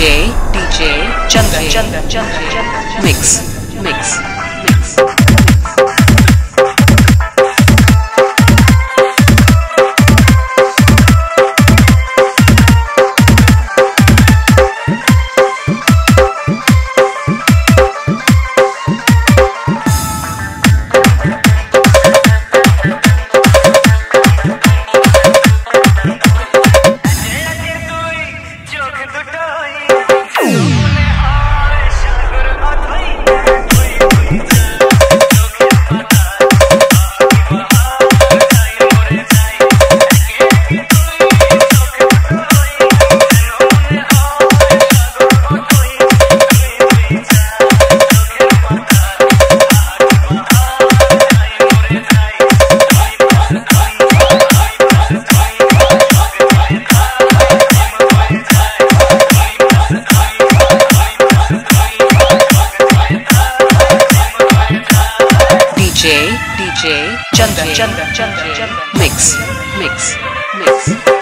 DJ, DJ, Chandra, Chandra, Chandra, Chandra, Mix, Mix. DJ DJ Chandra Chandra Chandra Chandra Mix Mix Mix, mix.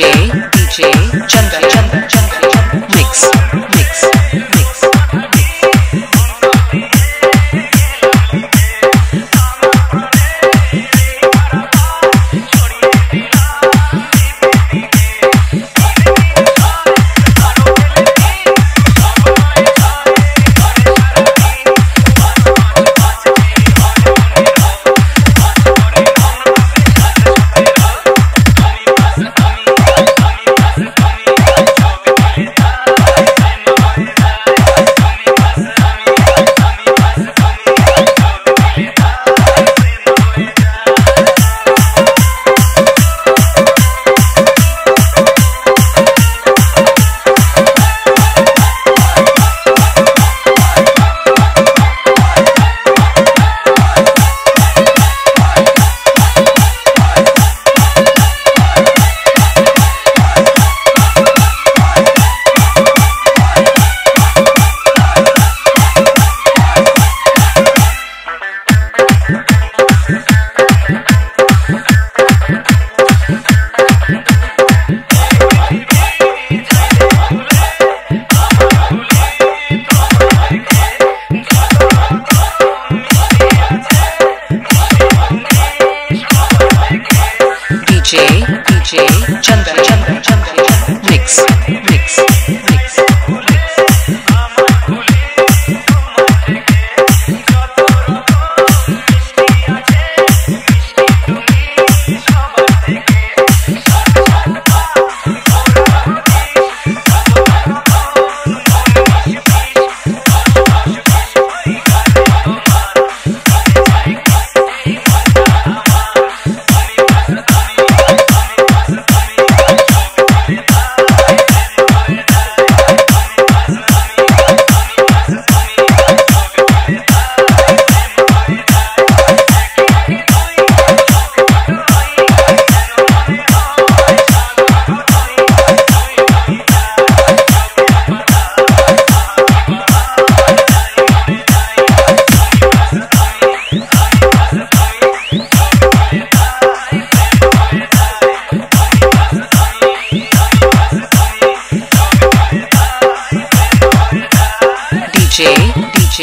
DJ, DJ, Chandra, Chandra, Chandra.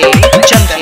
DJ Chandan